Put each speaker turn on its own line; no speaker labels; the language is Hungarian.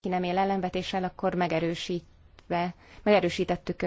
ki nem él ellenvetéssel, akkor megerősítve, megerősítettük